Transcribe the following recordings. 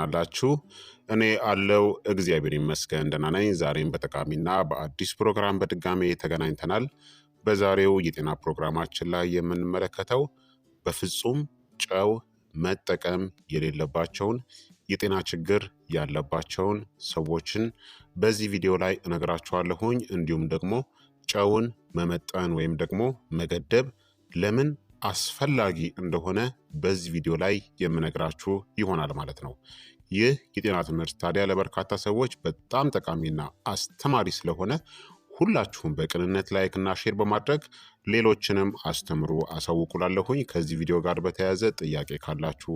እንደምናላችሁ እኔ አለው እግዚአብሔር ይመስገን ደህና ነኝ። ዛሬም በጠቃሚና በአዲስ ፕሮግራም በድጋሜ ተገናኝተናል። በዛሬው የጤና ፕሮግራማችን ላይ የምንመለከተው በፍጹም ጨው መጠቀም የሌለባቸውን የጤና ችግር ያለባቸውን ሰዎችን በዚህ ቪዲዮ ላይ እነግራችኋለሁኝ። እንዲሁም ደግሞ ጨውን መመጠን ወይም ደግሞ መገደብ ለምን አስፈላጊ እንደሆነ በዚህ ቪዲዮ ላይ የምነግራችሁ ይሆናል ማለት ነው። ይህ የጤና ትምህርት ታዲያ ለበርካታ ሰዎች በጣም ጠቃሚና አስተማሪ ስለሆነ ሁላችሁም በቅንነት እና ሼር በማድረግ ሌሎችንም አስተምሩ አሳውቁላለሁኝ። ከዚህ ቪዲዮ ጋር በተያያዘ ጥያቄ ካላችሁ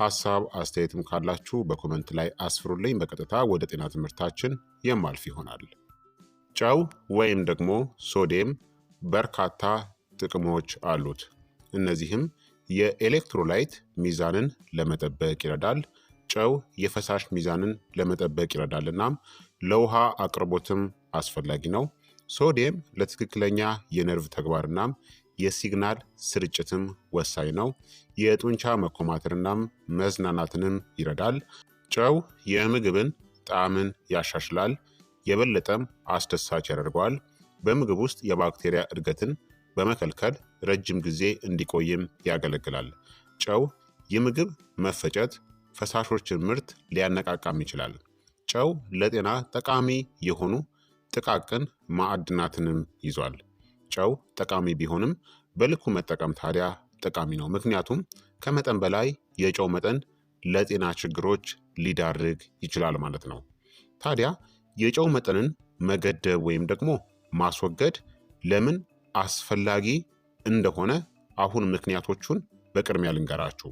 ሀሳብ አስተያየትም ካላችሁ በኮመንት ላይ አስፍሩልኝ። በቀጥታ ወደ ጤና ትምህርታችን የማልፍ ይሆናል። ጨው ወይም ደግሞ ሶዴም በርካታ ጥቅሞች አሉት። እነዚህም የኤሌክትሮላይት ሚዛንን ለመጠበቅ ይረዳል። ጨው የፈሳሽ ሚዛንን ለመጠበቅ ይረዳል፣ እናም ለውሃ አቅርቦትም አስፈላጊ ነው። ሶዲየም ለትክክለኛ የነርቭ ተግባርናም የሲግናል ስርጭትም ወሳኝ ነው። የጡንቻ መኮማተርናም መዝናናትንም ይረዳል። ጨው የምግብን ጣዕምን ያሻሽላል፣ የበለጠም አስደሳች ያደርገዋል። በምግብ ውስጥ የባክቴሪያ እድገትን በመከልከል ረጅም ጊዜ እንዲቆይም ያገለግላል። ጨው የምግብ መፈጨት ፈሳሾችን ምርት ሊያነቃቃም ይችላል። ጨው ለጤና ጠቃሚ የሆኑ ጥቃቅን ማዕድናትንም ይዟል። ጨው ጠቃሚ ቢሆንም በልኩ መጠቀም ታዲያ ጠቃሚ ነው። ምክንያቱም ከመጠን በላይ የጨው መጠን ለጤና ችግሮች ሊዳርግ ይችላል ማለት ነው። ታዲያ የጨው መጠንን መገደብ ወይም ደግሞ ማስወገድ ለምን አስፈላጊ እንደሆነ አሁን ምክንያቶቹን በቅድሚያ ልንገራችሁ።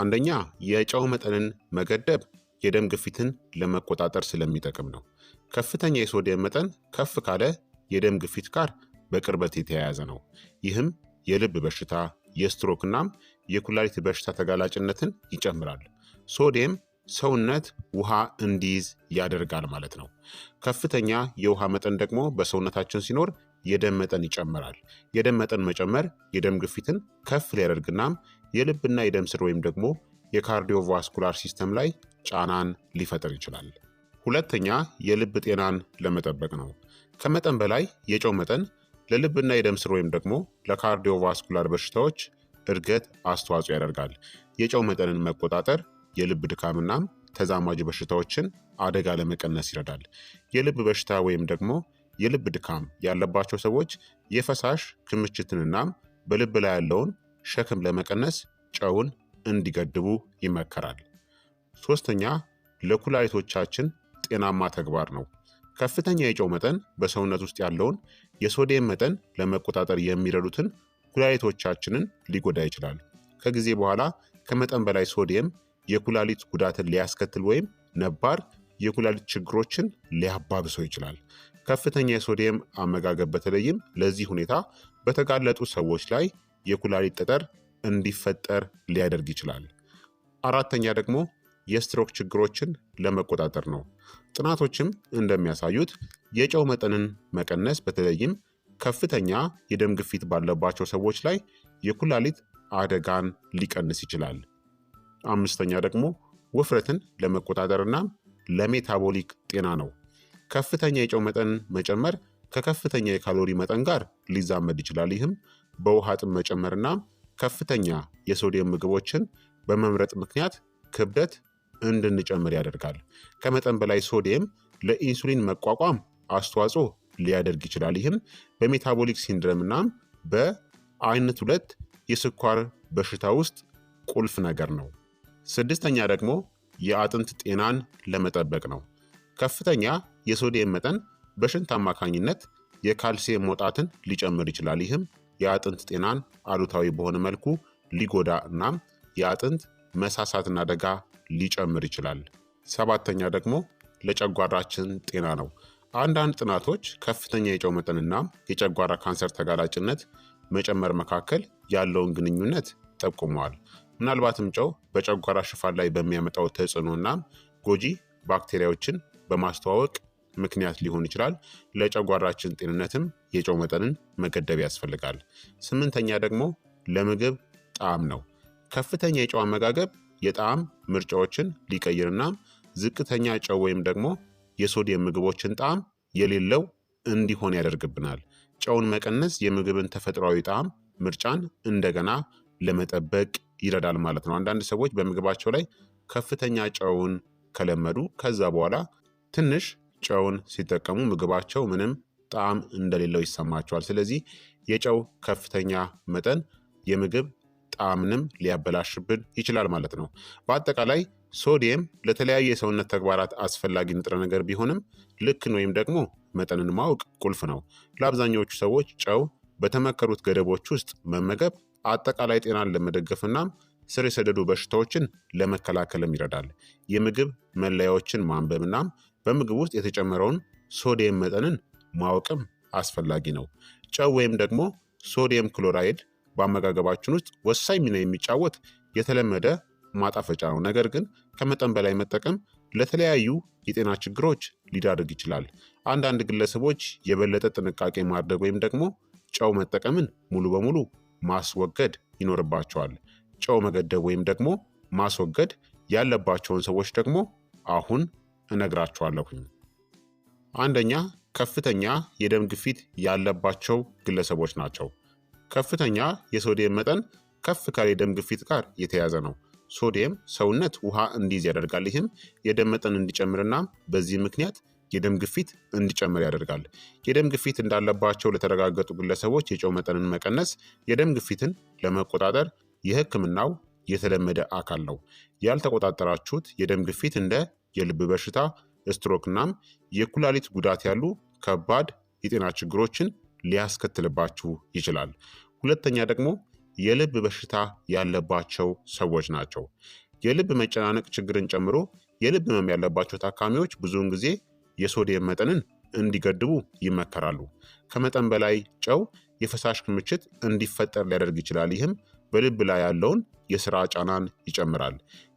አንደኛ የጨው መጠንን መገደብ የደም ግፊትን ለመቆጣጠር ስለሚጠቅም ነው። ከፍተኛ የሶዲየም መጠን ከፍ ካለ የደም ግፊት ጋር በቅርበት የተያያዘ ነው። ይህም የልብ በሽታ፣ የስትሮክ እናም የኩላሊት በሽታ ተጋላጭነትን ይጨምራል። ሶዲየም ሰውነት ውሃ እንዲይዝ ያደርጋል ማለት ነው። ከፍተኛ የውሃ መጠን ደግሞ በሰውነታችን ሲኖር የደም መጠን ይጨምራል። የደም መጠን መጨመር የደም ግፊትን ከፍ ሊያደርግናም የልብና የደም ስር ወይም ደግሞ የካርዲዮቫስኩላር ሲስተም ላይ ጫናን ሊፈጥር ይችላል። ሁለተኛ የልብ ጤናን ለመጠበቅ ነው። ከመጠን በላይ የጨው መጠን ለልብና የደም ስር ወይም ደግሞ ለካርዲዮቫስኩላር በሽታዎች እድገት አስተዋጽኦ ያደርጋል። የጨው መጠንን መቆጣጠር የልብ ድካምና ተዛማጅ በሽታዎችን አደጋ ለመቀነስ ይረዳል። የልብ በሽታ ወይም ደግሞ የልብ ድካም ያለባቸው ሰዎች የፈሳሽ ክምችትንና በልብ ላይ ያለውን ሸክም ለመቀነስ ጨውን እንዲገድቡ ይመከራል። ሶስተኛ ለኩላሊቶቻችን ጤናማ ተግባር ነው። ከፍተኛ የጨው መጠን በሰውነት ውስጥ ያለውን የሶዲየም መጠን ለመቆጣጠር የሚረዱትን ኩላሊቶቻችንን ሊጎዳ ይችላል። ከጊዜ በኋላ ከመጠን በላይ ሶዲየም የኩላሊት ጉዳትን ሊያስከትል ወይም ነባር የኩላሊት ችግሮችን ሊያባብሰው ይችላል። ከፍተኛ የሶዲየም አመጋገብ በተለይም ለዚህ ሁኔታ በተጋለጡ ሰዎች ላይ የኩላሊት ጠጠር እንዲፈጠር ሊያደርግ ይችላል። አራተኛ ደግሞ የስትሮክ ችግሮችን ለመቆጣጠር ነው። ጥናቶችም እንደሚያሳዩት የጨው መጠንን መቀነስ በተለይም ከፍተኛ የደም ግፊት ባለባቸው ሰዎች ላይ የኩላሊት አደጋን ሊቀንስ ይችላል። አምስተኛ ደግሞ ውፍረትን ለመቆጣጠርና ለሜታቦሊክ ጤና ነው። ከፍተኛ የጨው መጠን መጨመር ከከፍተኛ የካሎሪ መጠን ጋር ሊዛመድ ይችላል። ይህም በውሃ ጥም መጨመርና ከፍተኛ የሶዲየም ምግቦችን በመምረጥ ምክንያት ክብደት እንድንጨምር ያደርጋል። ከመጠን በላይ ሶዲየም ለኢንሱሊን መቋቋም አስተዋጽኦ ሊያደርግ ይችላል። ይህም በሜታቦሊክ ሲንድረም በአይነት ሁለት የስኳር በሽታ ውስጥ ቁልፍ ነገር ነው። ስድስተኛ ደግሞ የአጥንት ጤናን ለመጠበቅ ነው። ከፍተኛ የሶዲየም መጠን በሽንት አማካኝነት የካልሲየም መውጣትን ሊጨምር ይችላል። ይህም የአጥንት ጤናን አሉታዊ በሆነ መልኩ ሊጎዳ እናም የአጥንት መሳሳትን አደጋ ሊጨምር ይችላል። ሰባተኛ ደግሞ ለጨጓራችን ጤና ነው። አንዳንድ ጥናቶች ከፍተኛ የጨው መጠንና የጨጓራ ካንሰር ተጋላጭነት መጨመር መካከል ያለውን ግንኙነት ጠቁመዋል። ምናልባትም ጨው በጨጓራ ሽፋን ላይ በሚያመጣው ተጽዕኖና ጎጂ ባክቴሪያዎችን በማስተዋወቅ ምክንያት ሊሆን ይችላል። ለጨጓራችን ጤንነትም የጨው መጠንን መገደብ ያስፈልጋል። ስምንተኛ ደግሞ ለምግብ ጣዕም ነው። ከፍተኛ የጨው አመጋገብ የጣዕም ምርጫዎችን ሊቀይርና ዝቅተኛ ጨው ወይም ደግሞ የሶዲየም ምግቦችን ጣዕም የሌለው እንዲሆን ያደርግብናል። ጨውን መቀነስ የምግብን ተፈጥሯዊ ጣዕም ምርጫን እንደገና ለመጠበቅ ይረዳል ማለት ነው። አንዳንድ ሰዎች በምግባቸው ላይ ከፍተኛ ጨውን ከለመዱ ከዛ በኋላ ትንሽ ጨውን ሲጠቀሙ ምግባቸው ምንም ጣዕም እንደሌለው ይሰማቸዋል። ስለዚህ የጨው ከፍተኛ መጠን የምግብ ጣዕምንም ሊያበላሽብን ይችላል ማለት ነው። በአጠቃላይ ሶዲየም ለተለያዩ የሰውነት ተግባራት አስፈላጊ ንጥረ ነገር ቢሆንም ልክን ወይም ደግሞ መጠንን ማወቅ ቁልፍ ነው። ለአብዛኛዎቹ ሰዎች ጨው በተመከሩት ገደቦች ውስጥ መመገብ አጠቃላይ ጤናን ለመደገፍና ስር የሰደዱ በሽታዎችን ለመከላከልም ይረዳል። የምግብ መለያዎችን ማንበብና በምግብ ውስጥ የተጨመረውን ሶዲየም መጠንን ማወቅም አስፈላጊ ነው። ጨው ወይም ደግሞ ሶዲየም ክሎራይድ በአመጋገባችን ውስጥ ወሳኝ ሚና የሚጫወት የተለመደ ማጣፈጫ ነው። ነገር ግን ከመጠን በላይ መጠቀም ለተለያዩ የጤና ችግሮች ሊዳርግ ይችላል። አንዳንድ ግለሰቦች የበለጠ ጥንቃቄ ማድረግ ወይም ደግሞ ጨው መጠቀምን ሙሉ በሙሉ ማስወገድ ይኖርባቸዋል። ጨው መገደብ ወይም ደግሞ ማስወገድ ያለባቸውን ሰዎች ደግሞ አሁን እነግራቸዋለሁኝ። አንደኛ ከፍተኛ የደም ግፊት ያለባቸው ግለሰቦች ናቸው። ከፍተኛ የሶዲየም መጠን ከፍ ካለ የደም ግፊት ጋር የተያዘ ነው። ሶዲየም ሰውነት ውሃ እንዲይዝ ያደርጋል። ይህም የደም መጠን እንዲጨምርና በዚህ ምክንያት የደም ግፊት እንዲጨምር ያደርጋል። የደም ግፊት እንዳለባቸው ለተረጋገጡ ግለሰቦች የጨው መጠንን መቀነስ የደም ግፊትን ለመቆጣጠር የሕክምናው የተለመደ አካል ነው። ያልተቆጣጠራችሁት የደም ግፊት እንደ የልብ በሽታ፣ ስትሮክ እናም የኩላሊት ጉዳት ያሉ ከባድ የጤና ችግሮችን ሊያስከትልባችሁ ይችላል። ሁለተኛ ደግሞ የልብ በሽታ ያለባቸው ሰዎች ናቸው። የልብ መጨናነቅ ችግርን ጨምሮ የልብ ህመም ያለባቸው ታካሚዎች ብዙውን ጊዜ የሶዲየም መጠንን እንዲገድቡ ይመከራሉ። ከመጠን በላይ ጨው የፈሳሽ ክምችት እንዲፈጠር ሊያደርግ ይችላል። ይህም በልብ ላይ ያለውን የስራ ጫናን ይጨምራል።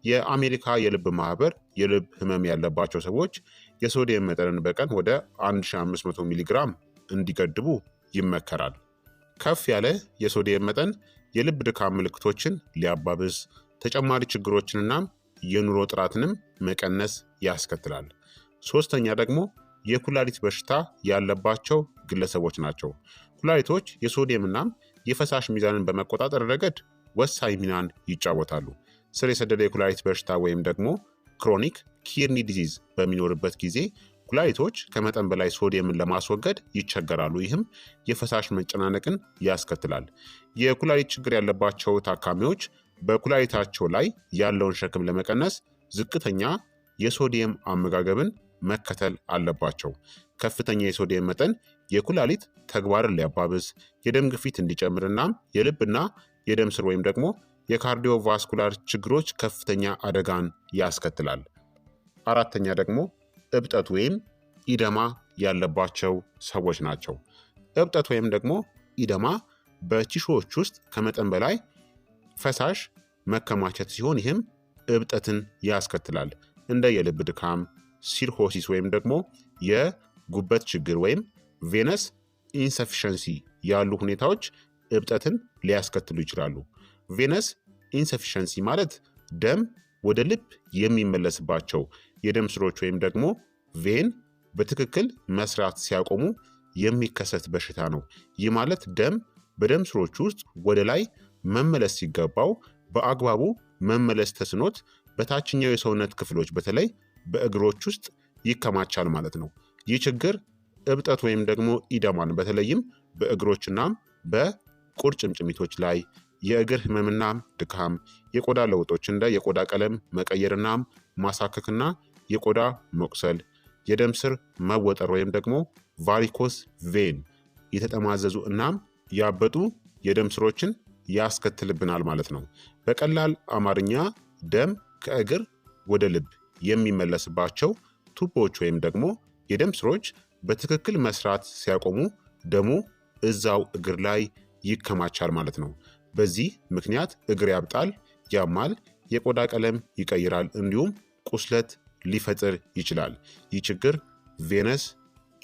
የአሜሪካ የልብ ማህበር የልብ ህመም ያለባቸው ሰዎች የሶዲየም መጠንን በቀን ወደ 1500 ሚሊግራም እንዲገድቡ ይመከራል። ከፍ ያለ የሶዲየም መጠን የልብ ድካም ምልክቶችን ሊያባብስ፣ ተጨማሪ ችግሮችንና የኑሮ ጥራትንም መቀነስ ያስከትላል። ሶስተኛ ደግሞ የኩላሊት በሽታ ያለባቸው ግለሰቦች ናቸው። ኩላሊቶች ና የፈሳሽ ሚዛንን በመቆጣጠር ረገድ ወሳኝ ሚናን ይጫወታሉ። ስር የሰደደ የኩላሊት በሽታ ወይም ደግሞ ክሮኒክ ኪርኒ ዲዚዝ በሚኖርበት ጊዜ ኩላሊቶች ከመጠን በላይ ሶዲየምን ለማስወገድ ይቸገራሉ። ይህም የፈሳሽ መጨናነቅን ያስከትላል። የኩላሊት ችግር ያለባቸው ታካሚዎች በኩላሊታቸው ላይ ያለውን ሸክም ለመቀነስ ዝቅተኛ የሶዲየም አመጋገብን መከተል አለባቸው። ከፍተኛ የሶዲየም መጠን የኩላሊት ተግባርን ሊያባብስ፣ የደም ግፊት እንዲጨምር እናም የልብና የደም ስር ወይም ደግሞ የካርዲዮቫስኩላር ችግሮች ከፍተኛ አደጋን ያስከትላል። አራተኛ ደግሞ እብጠት ወይም ኢደማ ያለባቸው ሰዎች ናቸው። እብጠት ወይም ደግሞ ኢደማ በቲሹዎች ውስጥ ከመጠን በላይ ፈሳሽ መከማቸት ሲሆን ይህም እብጠትን ያስከትላል። እንደ የልብ ድካም፣ ሲርኮሲስ ወይም ደግሞ የጉበት ችግር ወይም ቬነስ ኢንሰፊሸንሲ ያሉ ሁኔታዎች እብጠትን ሊያስከትሉ ይችላሉ። ቬነስ ኢንሰፊሸንሲ ማለት ደም ወደ ልብ የሚመለስባቸው የደም ስሮች ወይም ደግሞ ቬን በትክክል መስራት ሲያቆሙ የሚከሰት በሽታ ነው። ይህ ማለት ደም በደም ስሮች ውስጥ ወደ ላይ መመለስ ሲገባው በአግባቡ መመለስ ተስኖት በታችኛው የሰውነት ክፍሎች በተለይ በእግሮች ውስጥ ይከማቻል ማለት ነው። ይህ ችግር እብጠት ወይም ደግሞ ኢደማን በተለይም በእግሮችና በቁርጭምጭሚቶች ላይ የእግር ህመምና ድካም፣ የቆዳ ለውጦች እንደ የቆዳ ቀለም መቀየርና ማሳከክና የቆዳ መቁሰል፣ የደም ስር መወጠር ወይም ደግሞ ቫሪኮስ ቬን የተጠማዘዙ እናም ያበጡ የደም ስሮችን ያስከትልብናል ማለት ነው። በቀላል አማርኛ ደም ከእግር ወደ ልብ የሚመለስባቸው ቱቦዎች ወይም ደግሞ የደም ስሮች በትክክል መስራት ሲያቆሙ ደሙ እዛው እግር ላይ ይከማቻል ማለት ነው። በዚህ ምክንያት እግር ያብጣል፣ ያማል፣ የቆዳ ቀለም ይቀይራል፣ እንዲሁም ቁስለት ሊፈጥር ይችላል። ይህ ችግር ቬነስ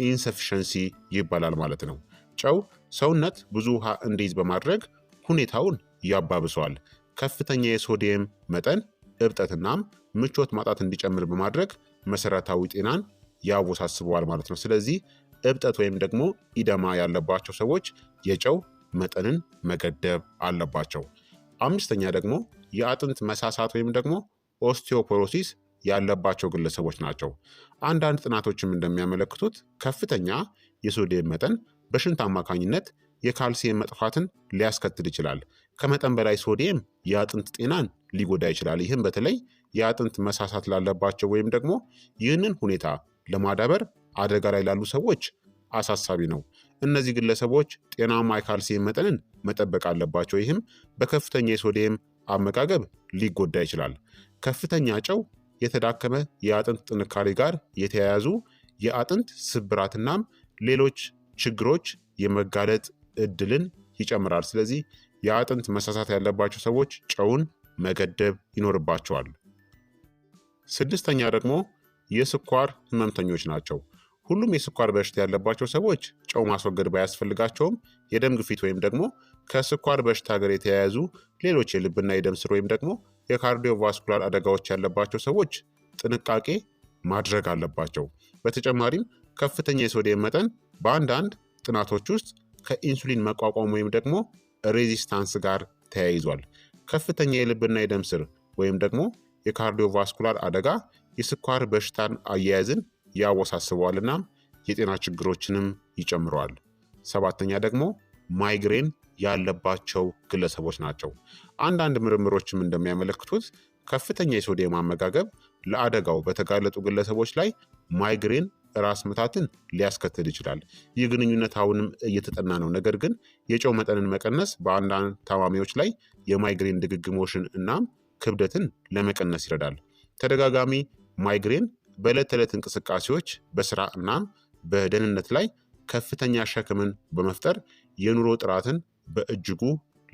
ኢንሰፊሸንሲ ይባላል ማለት ነው። ጨው ሰውነት ብዙ ውሃ እንዲይዝ በማድረግ ሁኔታውን ያባብሰዋል። ከፍተኛ የሶዲየም መጠን እብጠትናም ምቾት ማጣት እንዲጨምር በማድረግ መሰረታዊ ጤናን ያወሳስበዋል ማለት ነው። ስለዚህ እብጠት ወይም ደግሞ ኢደማ ያለባቸው ሰዎች የጨው መጠንን መገደብ አለባቸው። አምስተኛ ደግሞ የአጥንት መሳሳት ወይም ደግሞ ኦስቲዮፖሮሲስ ያለባቸው ግለሰቦች ናቸው። አንዳንድ ጥናቶችም እንደሚያመለክቱት ከፍተኛ የሶዲየም መጠን በሽንት አማካኝነት የካልሲየም መጥፋትን ሊያስከትል ይችላል። ከመጠን በላይ ሶዲየም የአጥንት ጤናን ሊጎዳ ይችላል። ይህም በተለይ የአጥንት መሳሳት ላለባቸው ወይም ደግሞ ይህንን ሁኔታ ለማዳበር አደጋ ላይ ላሉ ሰዎች አሳሳቢ ነው። እነዚህ ግለሰቦች ጤናማ የካልሲየም መጠንን መጠበቅ አለባቸው። ይህም በከፍተኛ የሶዲየም አመጋገብ ሊጎዳ ይችላል። ከፍተኛ ጨው የተዳከመ የአጥንት ጥንካሬ ጋር የተያያዙ የአጥንት ስብራትናም ሌሎች ችግሮች የመጋለጥ እድልን ይጨምራል። ስለዚህ የአጥንት መሳሳት ያለባቸው ሰዎች ጨውን መገደብ ይኖርባቸዋል። ስድስተኛ ደግሞ የስኳር ህመምተኞች ናቸው። ሁሉም የስኳር በሽታ ያለባቸው ሰዎች ጨው ማስወገድ ባያስፈልጋቸውም የደም ግፊት ወይም ደግሞ ከስኳር በሽታ ጋር የተያያዙ ሌሎች የልብና የደም ስር ወይም ደግሞ የካርዲዮቫስኩላር አደጋዎች ያለባቸው ሰዎች ጥንቃቄ ማድረግ አለባቸው። በተጨማሪም ከፍተኛ የሶዲየም መጠን በአንዳንድ ጥናቶች ውስጥ ከኢንሱሊን መቋቋም ወይም ደግሞ ሬዚስታንስ ጋር ተያይዟል። ከፍተኛ የልብና የደም ስር ወይም ደግሞ የካርዲዮቫስኩላር አደጋ የስኳር በሽታን አያያዝን ያወሳስበዋልና የጤና ችግሮችንም ይጨምረዋል። ሰባተኛ ደግሞ ማይግሬን ያለባቸው ግለሰቦች ናቸው። አንዳንድ ምርምሮችም እንደሚያመለክቱት ከፍተኛ የሶዲየም አመጋገብ ለአደጋው በተጋለጡ ግለሰቦች ላይ ማይግሬን ራስ ምታትን ሊያስከትል ይችላል። ይህ ግንኙነት አሁንም እየተጠና ነው። ነገር ግን የጨው መጠንን መቀነስ በአንዳንድ ታማሚዎች ላይ የማይግሬን ድግግሞሽን እናም ክብደትን ለመቀነስ ይረዳል። ተደጋጋሚ ማይግሬን በዕለት ተዕለት እንቅስቃሴዎች፣ በስራ እናም በደህንነት ላይ ከፍተኛ ሸክምን በመፍጠር የኑሮ ጥራትን በእጅጉ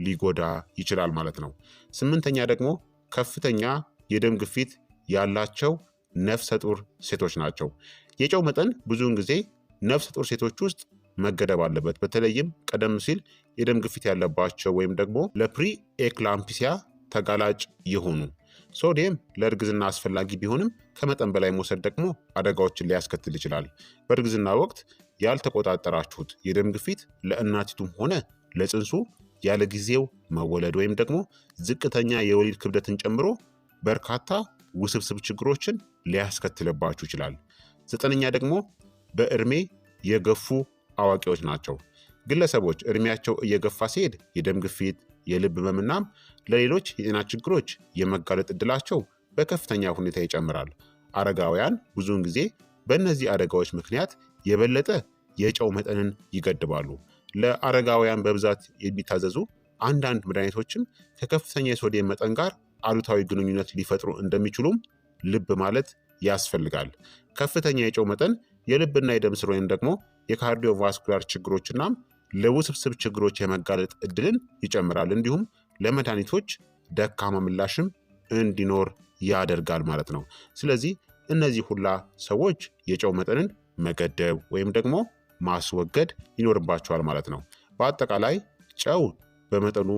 ሊጎዳ ይችላል ማለት ነው። ስምንተኛ ደግሞ ከፍተኛ የደም ግፊት ያላቸው ነፍሰ ጡር ሴቶች ናቸው። የጨው መጠን ብዙውን ጊዜ ነፍሰ ጡር ሴቶች ውስጥ መገደብ አለበት። በተለይም ቀደም ሲል የደም ግፊት ያለባቸው ወይም ደግሞ ለፕሪ ኤክላምፒሲያ ተጋላጭ ይሁኑ። ሶዲየም ለእርግዝና አስፈላጊ ቢሆንም ከመጠን በላይ መውሰድ ደግሞ አደጋዎችን ሊያስከትል ይችላል። በእርግዝና ወቅት ያልተቆጣጠራችሁት የደም ግፊት ለእናቲቱም ሆነ ለጽንሱ ያለ ጊዜው መወለድ ወይም ደግሞ ዝቅተኛ የወሊድ ክብደትን ጨምሮ በርካታ ውስብስብ ችግሮችን ሊያስከትልባችሁ ይችላል። ዘጠነኛ ደግሞ በእድሜ የገፉ አዋቂዎች ናቸው። ግለሰቦች እድሜያቸው እየገፋ ሲሄድ የደም ግፊት፣ የልብ ህመምናም ለሌሎች የጤና ችግሮች የመጋለጥ እድላቸው በከፍተኛ ሁኔታ ይጨምራል። አረጋውያን ብዙውን ጊዜ በእነዚህ አደጋዎች ምክንያት የበለጠ የጨው መጠንን ይገድባሉ። ለአረጋውያን በብዛት የሚታዘዙ አንዳንድ መድኃኒቶችም ከከፍተኛ የሶዲየም መጠን ጋር አሉታዊ ግንኙነት ሊፈጥሩ እንደሚችሉም ልብ ማለት ያስፈልጋል። ከፍተኛ የጨው መጠን የልብና የደም ስር ወይም ደግሞ የካርዲዮቫስኩላር ችግሮችናም ለውስብስብ ችግሮች የመጋለጥ እድልን ይጨምራል። እንዲሁም ለመድኃኒቶች ደካማ ምላሽም እንዲኖር ያደርጋል ማለት ነው። ስለዚህ እነዚህ ሁላ ሰዎች የጨው መጠንን መገደብ ወይም ደግሞ ማስወገድ ይኖርባቸዋል ማለት ነው። በአጠቃላይ ጨው በመጠኑ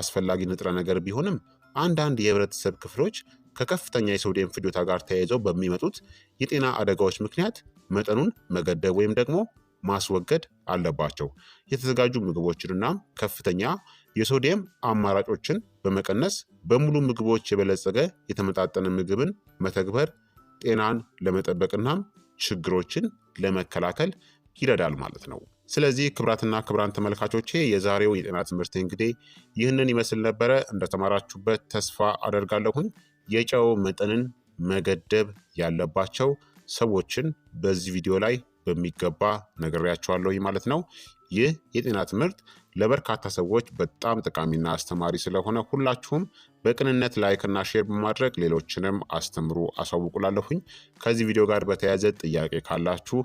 አስፈላጊ ንጥረ ነገር ቢሆንም አንዳንድ የህብረተሰብ ክፍሎች ከከፍተኛ የሶዲየም ፍጆታ ጋር ተያይዘው በሚመጡት የጤና አደጋዎች ምክንያት መጠኑን መገደብ ወይም ደግሞ ማስወገድ አለባቸው። የተዘጋጁ ምግቦችንና ከፍተኛ የሶዲየም አማራጮችን በመቀነስ በሙሉ ምግቦች የበለጸገ የተመጣጠነ ምግብን መተግበር ጤናን ለመጠበቅናም ችግሮችን ለመከላከል ይረዳል ማለት ነው። ስለዚህ ክብራትና ክብራን ተመልካቾቼ የዛሬው የጤና ትምህርት እንግዲህ ይህንን ይመስል ነበረ። እንደተማራችሁበት ተስፋ አደርጋለሁኝ። የጨው መጠንን መገደብ ያለባቸው ሰዎችን በዚህ ቪዲዮ ላይ በሚገባ ነግሬያቸዋለሁኝ ማለት ነው። ይህ የጤና ትምህርት ለበርካታ ሰዎች በጣም ጠቃሚና አስተማሪ ስለሆነ ሁላችሁም በቅንነት ላይክና ሼር በማድረግ ሌሎችንም አስተምሩ አሳውቁላለሁኝ። ከዚህ ቪዲዮ ጋር በተያያዘ ጥያቄ ካላችሁ፣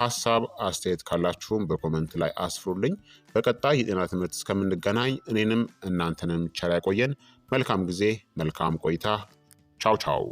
ሀሳብ አስተያየት ካላችሁም በኮመንት ላይ አስፍሩልኝ። በቀጣይ የጤና ትምህርት እስከምንገናኝ እኔንም እናንተንም ቸር ያቆየን። መልካም ጊዜ፣ መልካም ቆይታ። ቻው ቻው